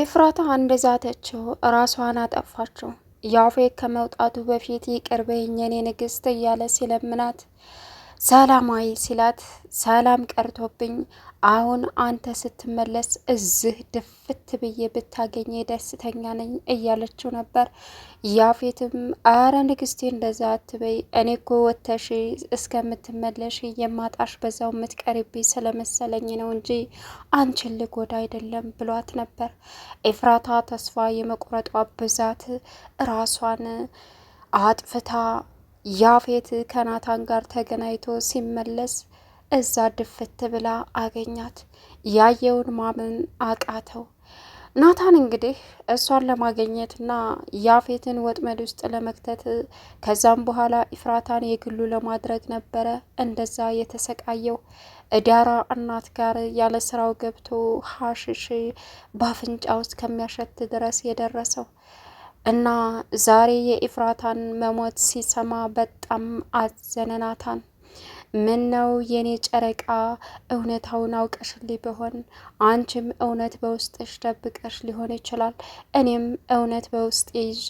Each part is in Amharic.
ኤፍራታ እንደዛተችው ራሷን አጠፋችው። ያፌት ከመውጣቱ በፊት ይቅር በይኝ የኔ ንግስት እያለ ሲለምናት ሰላማዊ ሲላት ሰላም ቀርቶብኝ አሁን አንተ ስትመለስ እዚህ ድፍት ብዬ ብታገኘ ደስተኛ ነኝ እያለችው ነበር። ያፌትም አረ ንግስቴ እንደዛ አትበይ፣ እኔ እኮ ወተሽ እስከምትመለሽ የማጣሽ በዛው የምትቀርቢ ስለመሰለኝ ነው እንጂ አንቺን ልጎዳ አይደለም ብሏት ነበር። ኤፍራታ ተስፋ የመቁረጧ ብዛት ራሷን አጥፍታ ያፌት ከናታን ጋር ተገናኝቶ ሲመለስ እዛ ድፍት ብላ አገኛት። ያየውን ማመን አቃተው። ናታን እንግዲህ እሷን ለማገኘትና ያፌትን ወጥመድ ውስጥ ለመክተት ከዛም በኋላ ኢፍራታን የግሉ ለማድረግ ነበረ እንደዛ የተሰቃየው። እዳራ እናት ጋር ያለ ስራው ገብቶ ሀሽሽ በአፍንጫ ውስጥ ከሚያሸት ድረስ የደረሰው እና ዛሬ የኢፍራታን መሞት ሲሰማ በጣም አዘነናታን። ምን ነው የኔ ጨረቃ እውነታውን አውቀሽልኝ ቢሆን አንቺም እውነት በውስጥሽ ደብቀሽ ሊሆን ይችላል። እኔም እውነት በውስጥ ይዤ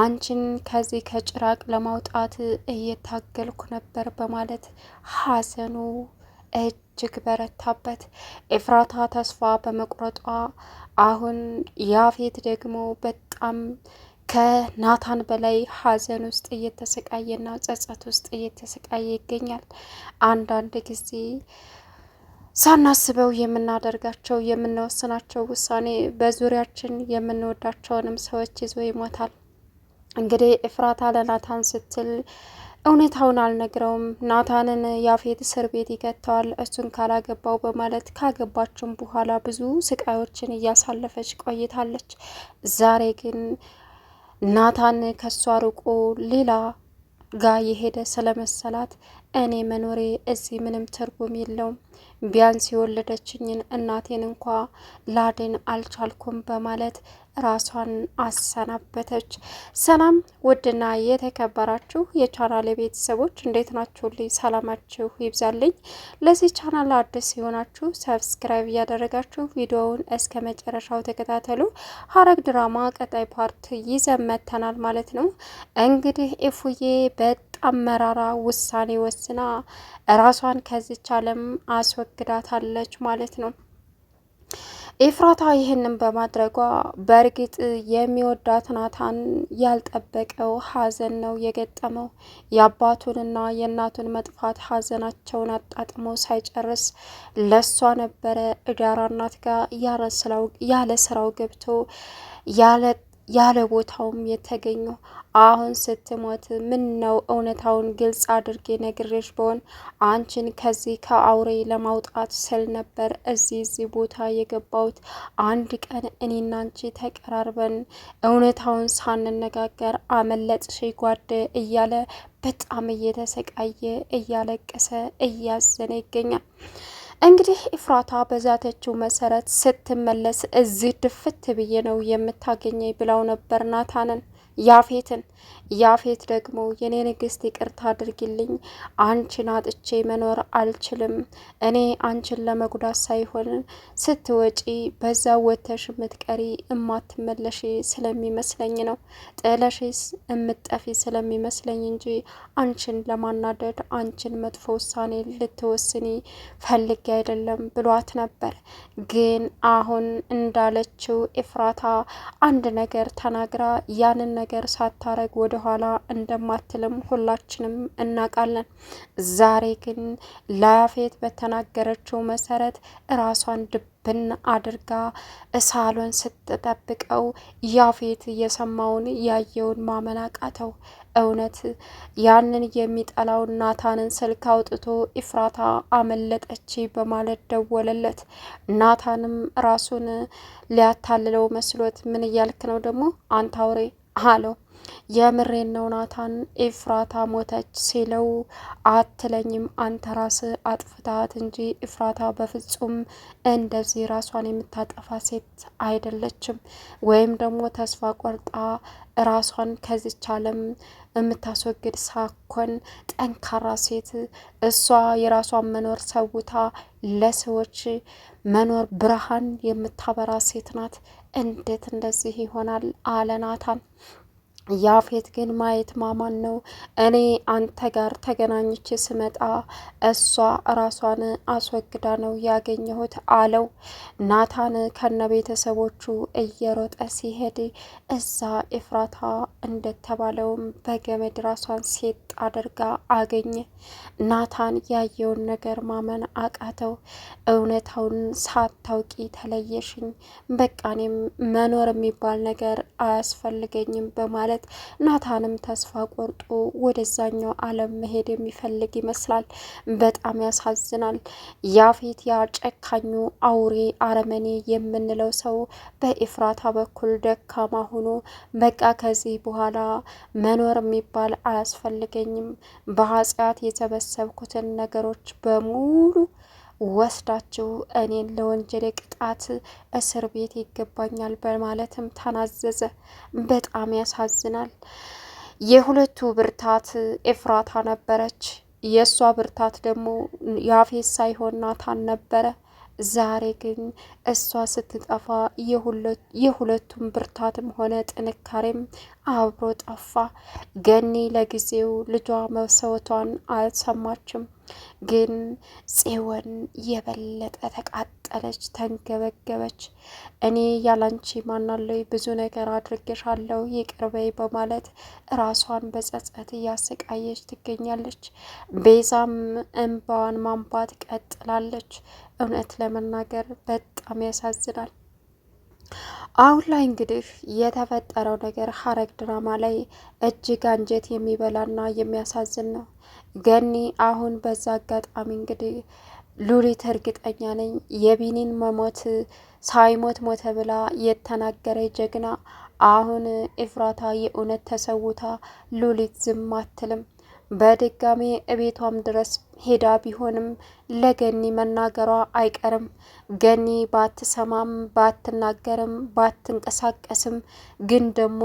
አንቺን ከዚህ ከጭራቅ ለማውጣት እየታገልኩ ነበር በማለት ሀዘኑ እጅግ በረታበት። ኤፍራታ ተስፋ በመቁረጧ አሁን ያፌት ደግሞ በጣም ከናታን በላይ ሐዘን ውስጥ እየተሰቃየና ጸጸት ውስጥ እየተሰቃየ ይገኛል። አንዳንድ ጊዜ ሳናስበው የምናደርጋቸው የምንወስናቸው ውሳኔ በዙሪያችን የምንወዳቸውንም ሰዎች ይዞ ይሞታል። እንግዲህ እፍራታ ለናታን ስትል እውነታውን አልነግረውም፣ ናታንን ያፌት እስር ቤት ይከተዋል፣ እሱን ካላገባው በማለት ካገባችን በኋላ ብዙ ስቃዮችን እያሳለፈች ቆይታለች። ዛሬ ግን ናታን ከሷ ርቆ ሌላ ጋ የሄደ ስለመሰላት እኔ መኖሬ እዚህ ምንም ትርጉም የለውም፣ ቢያንስ የወለደችኝን እናቴን እንኳ ላድን አልቻልኩም በማለት ራሷን አሰናበተች። ሰላም ውድና የተከበራችሁ የቻናል ቤተሰቦች እንዴት ናችሁልኝ? ሰላማችሁ ይብዛልኝ። ለዚህ ቻናል አዲስ የሆናችሁ ሰብስክራይብ እያደረጋችሁ ቪዲዮውን እስከ መጨረሻው ተከታተሉ። ሐረግ ድራማ ቀጣይ ፓርት ይዘመተናል ማለት ነው እንግዲህ ኢፉዬ በጣም መራራ ውሳኔ ወስና ራሷን ከዚች ዓለም አስወግዳታለች ማለት ነው። ኤፍራታ ይህንን በማድረጓ በእርግጥ የሚወዳት ናታን ያልጠበቀው ሀዘን ነው የገጠመው። የአባቱንና የእናቱን መጥፋት ሀዘናቸውን አጣጥሞ ሳይጨርስ ለሷ ነበረ እዳራ እናት ጋር ያለ ስራው ገብቶ ያለ ያለ ቦታውም የተገኘው አሁን ስትሞት ምን ነው እውነታውን ግልጽ አድርጌ ነግሬሽ በሆን አንቺን ከዚህ ከአውሬ ለማውጣት ስል ነበር እዚህ እዚህ ቦታ የገባሁት። አንድ ቀን እኔና አንቺ ተቀራርበን እውነታውን ሳንነጋገር አመለጥሽ ጓደ እያለ በጣም እየተሰቃየ እያለቀሰ እያዘነ ይገኛል። እንግዲህ ኢፍራታ በዛተችው መሰረት ስትመለስ እዚህ ድፍት ብዬ ነው የምታገኘኝ ብለው ነበር ናታንን። ያፌትን ያፌት ደግሞ የኔ ንግስት ይቅርታ አድርጊልኝ፣ አንቺን አጥቼ መኖር አልችልም። እኔ አንቺን ለመጉዳት ሳይሆን ስትወጪ በዛ ወተሽ የምትቀሪ እማትመለሽ ስለሚመስለኝ ነው፣ ጥለሽስ እምትጠፊ ስለሚመስለኝ እንጂ አንቺን ለማናደድ አንቺን መጥፎ ውሳኔ ልትወስኒ ፈልጌ አይደለም ብሏት ነበር። ግን አሁን እንዳለችው ኤፍራታ አንድ ነገር ተናግራ ያንን ነገር ነገር ሳታረግ ወደኋላ እንደማትልም ሁላችንም እናውቃለን። ዛሬ ግን ላያፌት በተናገረችው መሰረት ራሷን ድብን አድርጋ እሳሎን ስትጠብቀው ያፌት የሰማውን ያየውን ማመን አቃተው። እውነት ያንን የሚጠላው ናታንን ስልክ አውጥቶ ኢፍራታ አመለጠች በማለት ደወለለት። ናታንም ራሱን ሊያታልለው መስሎት ምን እያልክ ነው ደግሞ አንተ አውሬ አለው። የምሬን ነው ናታን ኤፍራታ ሞተች ሲለው አትለኝም አንተ ራስ አጥፍታት እንጂ ኤፍራታ በፍጹም እንደዚህ ራሷን የምታጠፋ ሴት አይደለችም፣ ወይም ደግሞ ተስፋ ቆርጣ ራሷን ከዚች ዓለም የምታስወግድ ሳኮን ጠንካራ ሴት እሷ የራሷን መኖር ሰውታ ለሰዎች መኖር ብርሃን የምታበራ ሴት ናት። እንዴት እንደዚህ ይሆናል አለ ናታን። ያፌት ግን ማየት ማማን ነው። እኔ አንተ ጋር ተገናኝች ስመጣ እሷ ራሷን አስወግዳ ነው ያገኘሁት አለው። ናታን ከነ ቤተሰቦቹ እየሮጠ ሲሄድ እዛ ኤፍራታ እንደተባለውም በገመድ ራሷን ሴት አድርጋ አገኘ። ናታን ያየውን ነገር ማመን አቃተው። እውነታውን ሳታውቂ ተለየሽኝ፣ በቃ እኔም መኖር የሚባል ነገር አያስፈልገኝም በማለት ሲመለከት ናታንም ተስፋ ቆርጦ ወደዛኛው ዓለም መሄድ የሚፈልግ ይመስላል። በጣም ያሳዝናል። ያፌት ያ ጨካኙ አውሬ አረመኔ የምንለው ሰው በኤፍራታ በኩል ደካማ ሆኖ በቃ ከዚህ በኋላ መኖር የሚባል አያስፈልገኝም፣ በኃጢአት የተበሰብኩትን ነገሮች በሙሉ ወስዳችሁ እኔን ለወንጀል ቅጣት እስር ቤት ይገባኛል በማለትም ተናዘዘ። በጣም ያሳዝናል። የሁለቱ ብርታት ኤፍራታ ነበረች። የእሷ ብርታት ደግሞ ያፌት ሳይሆን ናታን ነበረ። ዛሬ ግን እሷ ስትጠፋ የሁለቱም ብርታትም ሆነ ጥንካሬም አብሮ ጠፋ። ገኒ ለጊዜው ልጇ መሰወቷን አልሰማችም። ግን ጽዮን የበለጠ ተቃጠለች፣ ተንገበገበች። እኔ ያላንቺ ማናለይ ብዙ ነገር አድርገሻለሁ ይቅርበይ በማለት ራሷን በጸጸት እያሰቃየች ትገኛለች። ቤዛም እንባዋን ማንባት ቀጥላለች። እውነት ለመናገር በጣም ያሳዝናል። አሁን ላይ እንግዲህ የተፈጠረው ነገር ሐረግ ድራማ ላይ እጅግ አንጀት የሚበላና የሚያሳዝን ነው። ገኒ አሁን በዛ አጋጣሚ እንግዲህ ሉሊት እርግጠኛ ነኝ የቢኒን መሞት ሳይሞት ሞተ ብላ የተናገረ ጀግና አሁን ኢፍራታ የእውነት ተሰውታ ሉሊት ዝም አትልም። በድጋሜ እቤቷም ድረስ ሄዳ ቢሆንም ለገኒ መናገሯ አይቀርም። ገኒ ባትሰማም ባትናገርም ባትንቀሳቀስም ግን ደግሞ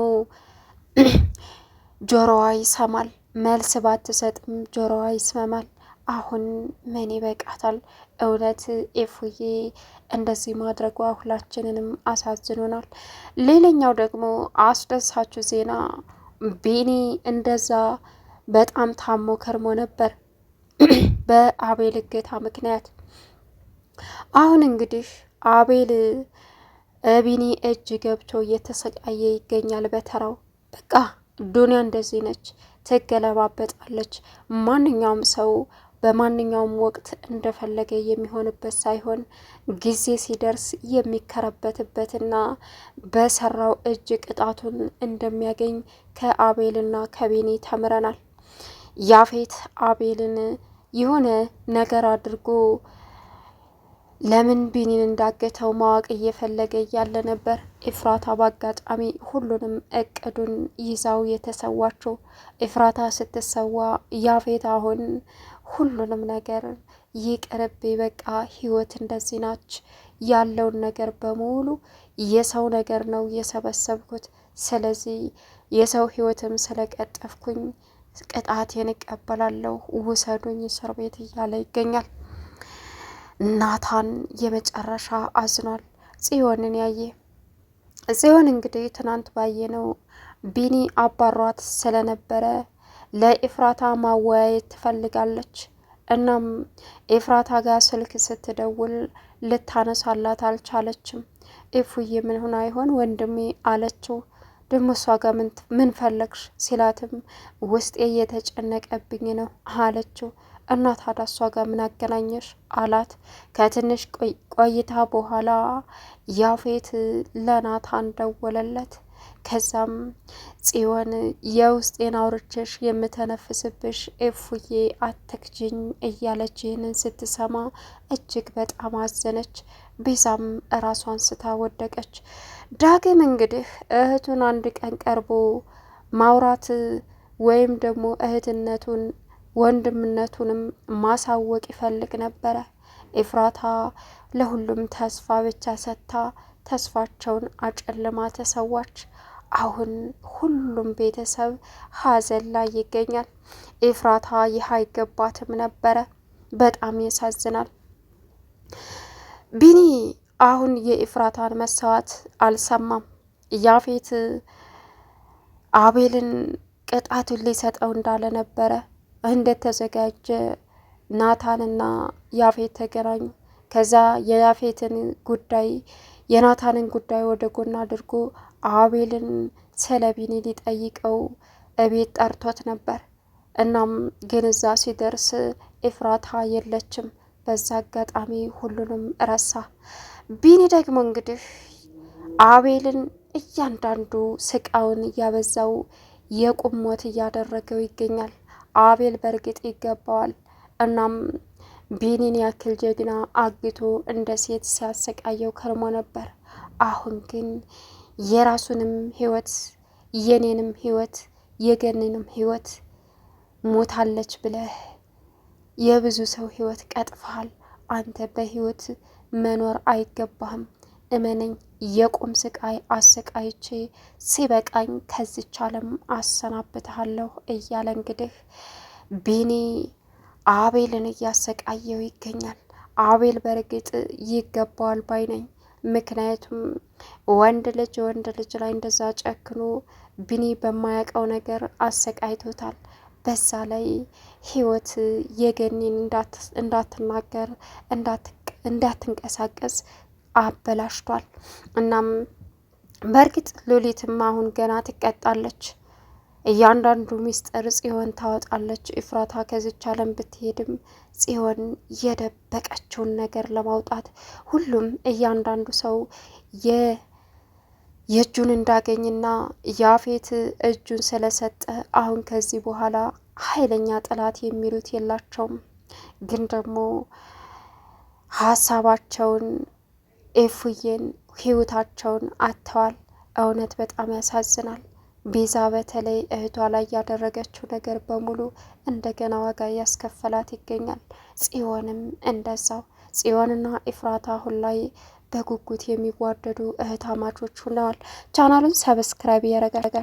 ጆሮዋ ይሰማል። መልስ ባትሰጥም ጆሮዋ ይሰማል። አሁን ምን ይበቃታል? እውነት ኤፉዬ እንደዚህ ማድረጓ ሁላችንንም አሳዝኖናል። ሌላኛው ደግሞ አስደሳች ዜና ቢኒ እንደዛ በጣም ታሞ ከርሞ ነበር በአቤል እገታ ምክንያት። አሁን እንግዲህ አቤል ቢኒ እጅ ገብቶ እየተሰቃየ ይገኛል በተራው። በቃ ዱንያ እንደዚህ ነች፣ ትገለባበጣለች። ማንኛውም ሰው በማንኛውም ወቅት እንደፈለገ የሚሆንበት ሳይሆን ጊዜ ሲደርስ የሚከረበትበትና በሰራው እጅ ቅጣቱን እንደሚያገኝ ከአቤልና ከቢኒ ተምረናል። ያፌት አቤልን የሆነ ነገር አድርጎ ለምን ቢኒን እንዳገተው ማወቅ እየፈለገ እያለ ነበር ኤፍራታ በአጋጣሚ ሁሉንም እቅዱን ይዛው የተሰዋቸው። ኤፍራታ ስትሰዋ ያፌት አሁን ሁሉንም ነገር ይቅርቤ፣ በቃ ህይወት እንደዚህ ናች፣ ያለውን ነገር በሙሉ የሰው ነገር ነው የሰበሰብኩት። ስለዚህ የሰው ህይወትም ስለቀጠፍኩኝ ቅጣቴን እቀበላለሁ፣ ውሰዱኝ እስር ቤት እያለ ይገኛል። ናታን የመጨረሻ አዝኗል። ጽዮንን ያየ ጽዮን እንግዲህ ትናንት ባየነው ቢኒ አባሯት ስለነበረ ለኤፍራታ ማወያየት ትፈልጋለች። እናም ኤፍራታ ጋር ስልክ ስትደውል ልታነሳላት አልቻለችም። ኢፉዬ ምን ሆና ይሆን ወንድሜ አለችው። ደግሞ እሷ ጋር ምን ፈለግሽ ሲላትም ውስጤ እየተጨነቀብኝ ነው አለችው። እና ታዲያ እሷ ጋር ምን አገናኘሽ አላት። ከትንሽ ቆይታ በኋላ ያፌት ለናታን ደወለለት። ከዛም ጽዮን የውስጤን አውርቼሽ የምተነፍስብሽ ኤፉዬ አተክጅኝ እያለች ይህንን ስትሰማ እጅግ በጣም አዘነች። ቤዛም እራሷን ስታ ወደቀች። ዳግም እንግዲህ እህቱን አንድ ቀን ቀርቦ ማውራት ወይም ደግሞ እህትነቱን ወንድምነቱንም ማሳወቅ ይፈልግ ነበረ። ኤፍራታ ለሁሉም ተስፋ ብቻ ሰጥታ ተስፋቸውን አጨልማ ተሰዋች። አሁን ሁሉም ቤተሰብ ሀዘን ላይ ይገኛል። ኤፍራታ ይህ አይገባትም ነበረ። በጣም ያሳዝናል። ቢኒ አሁን የኢፍራታን መሰዋት አልሰማም። ያፌት አቤልን ቅጣቱን ሊሰጠው እንዳለ ነበረ እንደተዘጋጀ ናታንና ያፌት ተገናኙ። ከዛ የያፌትን ጉዳይ የናታንን ጉዳይ ወደ ጎን አድርጎ አቤልን ስለ ቢኒ ሊጠይቀው እቤት ጠርቶት ነበር። እናም ግን እዛ ሲደርስ ኢፍራታ የለችም። በዛ አጋጣሚ ሁሉንም ረሳ። ቢኒ ደግሞ እንግዲህ አቤልን እያንዳንዱ ስቃውን እያበዛው የቁም ሞት እያደረገው ይገኛል። አቤል በእርግጥ ይገባዋል። እናም ቢኒን ያክል ጀግና አግቶ እንደ ሴት ሲያሰቃየው ከርሞ ነበር። አሁን ግን የራሱንም ህይወት የኔንም ህይወት የገንንም ህይወት ሞታለች ብለህ የብዙ ሰው ህይወት ቀጥፈሃል። አንተ በህይወት መኖር አይገባህም። እመነኝ፣ የቁም ስቃይ አሰቃይቼ ሲበቃኝ ከዚች ዓለም አሰናብትሃለሁ እያለ እንግዲህ ቢኒ አቤልን እያሰቃየው ይገኛል። አቤል በእርግጥ ይገባዋል ባይ ነኝ። ምክንያቱም ወንድ ልጅ ወንድ ልጅ ላይ እንደዛ ጨክኖ ቢኒ በማያውቀው ነገር አሰቃይቶታል። በዛ ላይ ህይወት የገኒን እንዳትናገር እንዳትንቀሳቀስ አበላሽቷል። እናም በእርግጥ ሉሊትም አሁን ገና ትቀጣለች። እያንዳንዱ ሚስጥር ጽዮን ታወጣለች። ኢፍራታ ከዚች ዓለም ብትሄድም ጽዮን የደበቀችውን ነገር ለማውጣት ሁሉም እያንዳንዱ ሰው የእጁን እንዳገኝና ያፌት እጁን ስለሰጠ አሁን ከዚህ በኋላ ኃይለኛ ጠላት የሚሉት የላቸውም። ግን ደግሞ ሀሳባቸውን ኤፉዬን ህይወታቸውን አጥተዋል። እውነት በጣም ያሳዝናል። ቤዛ በተለይ እህቷ ላይ ያደረገችው ነገር በሙሉ እንደገና ዋጋ እያስከፈላት ይገኛል። ጽዮንም እንደዛው ጽዮንና ኢፍራታ አሁን ላይ በጉጉት የሚዋደዱ እህታማቾች ሆነዋል። ቻናሉን ሰብስክራይብ ያረጋጋ